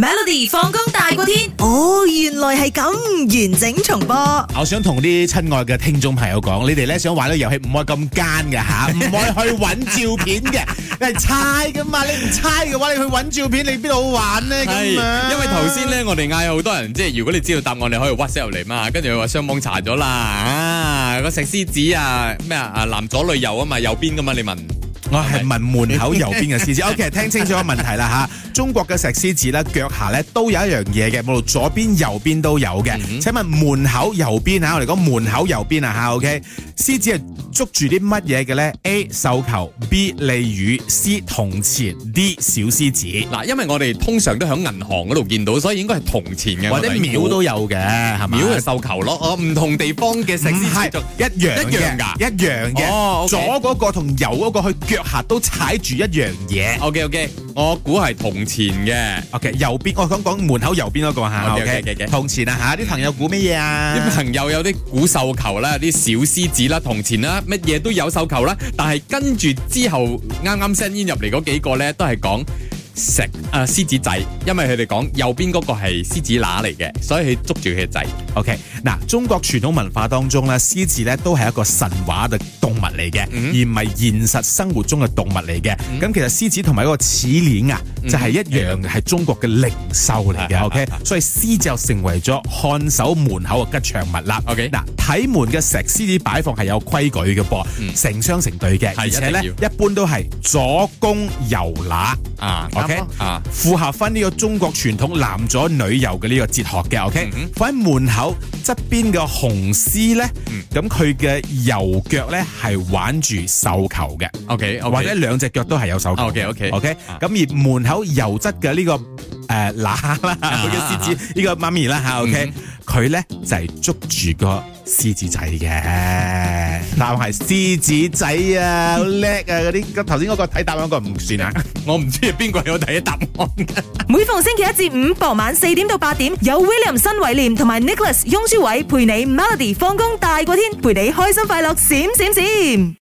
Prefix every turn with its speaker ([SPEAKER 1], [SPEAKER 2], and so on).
[SPEAKER 1] Melody 放工大過天，哦，原來係咁完整重播。我想同啲親愛嘅聽眾朋友講，你哋咧想玩個遊戲唔可以咁奸嘅吓，唔可以去揾照片嘅， 你係猜噶嘛。你唔猜嘅話，你去揾照片，你邊度好玩呢？係是。啊、因為頭先咧，我哋嗌好多人，即係如果你知道答案，你可以 WhatsApp 入嚟嘛。跟住佢話上網查咗啦，啊個石獅子啊，咩啊啊男左女右啊嘛，右邊噶嘛你問，我係問門口右邊嘅獅子。O K，聽清楚問題啦吓。中國嘅石獅子咧，腳下咧都有一樣嘢嘅，無論左邊、右邊都有嘅。嗯、請問門口右邊吓，我哋講門口右邊啊吓，OK？獅子係捉住啲乜嘢嘅咧？A. 繡球，B. 鯉魚，C. 銅錢，D. 小獅子。嗱，因為我哋通常都響銀行嗰度見到，所以應該係銅錢嘅。或者廟猜都有嘅，係咪廟係繡球咯。哦，唔同地方嘅石獅子唔係一樣，一樣噶，一樣嘅。哦 okay、左嗰個同右嗰個佢腳下都踩住一樣嘢。OK，OK，Okay, okay. 我估係銅。錢嘅，OK，右邊我講講門口右邊，嗰個吓，OK，銅、okay, 錢、okay, okay. 啊吓，啲、啊、朋友估乜嘢啊？啲朋友有啲估繡球啦，啲小獅子啦，銅錢啦，乜嘢都有繡球啦，但係跟住之後啱啱聲音入嚟嗰幾個咧，都係講。食啊！獅子仔，因為佢哋講右邊嗰個係獅子乸嚟嘅，所以佢捉住佢嘅仔。OK，嗱，中國傳統文化當中咧，獅子咧都係一個神話嘅動物嚟嘅，而唔係現實生活中嘅動物嚟嘅。咁其實獅子同埋一個齒鏈啊，就係一樣係中國嘅靈獸嚟嘅。OK，所以獅子就成為咗看守門口嘅吉祥物啦。OK，嗱，睇門嘅石獅子擺放係有規矩嘅噃，成雙成對嘅，而且咧一般都係左公右乸啊。啊，符合翻呢個中國傳統男左女右嘅呢個哲學嘅，OK，放喺門口側邊嘅雄獅咧，咁佢嘅右腳咧係玩住繡球嘅，OK，okay. 或者兩隻腳都係有繡球嘅，OK，OK，OK，咁而門口右側嘅呢個誒乸啦，佢叫獅子，呢、uh huh. 個媽咪啦吓、啊、，OK，佢咧、mm hmm. 就係、是、捉住個。獅子仔嘅，但係獅子仔啊，好叻啊！嗰啲頭先嗰個睇答案嗰個唔算啊，我唔知邊個有睇答案。那個、答案每逢星期一至五傍晚四點到八點，有 William 新偉廉同埋 Nicholas 雍舒偉陪你 Melody 放工大過天，陪你開心快樂閃閃閃。閃閃閃閃。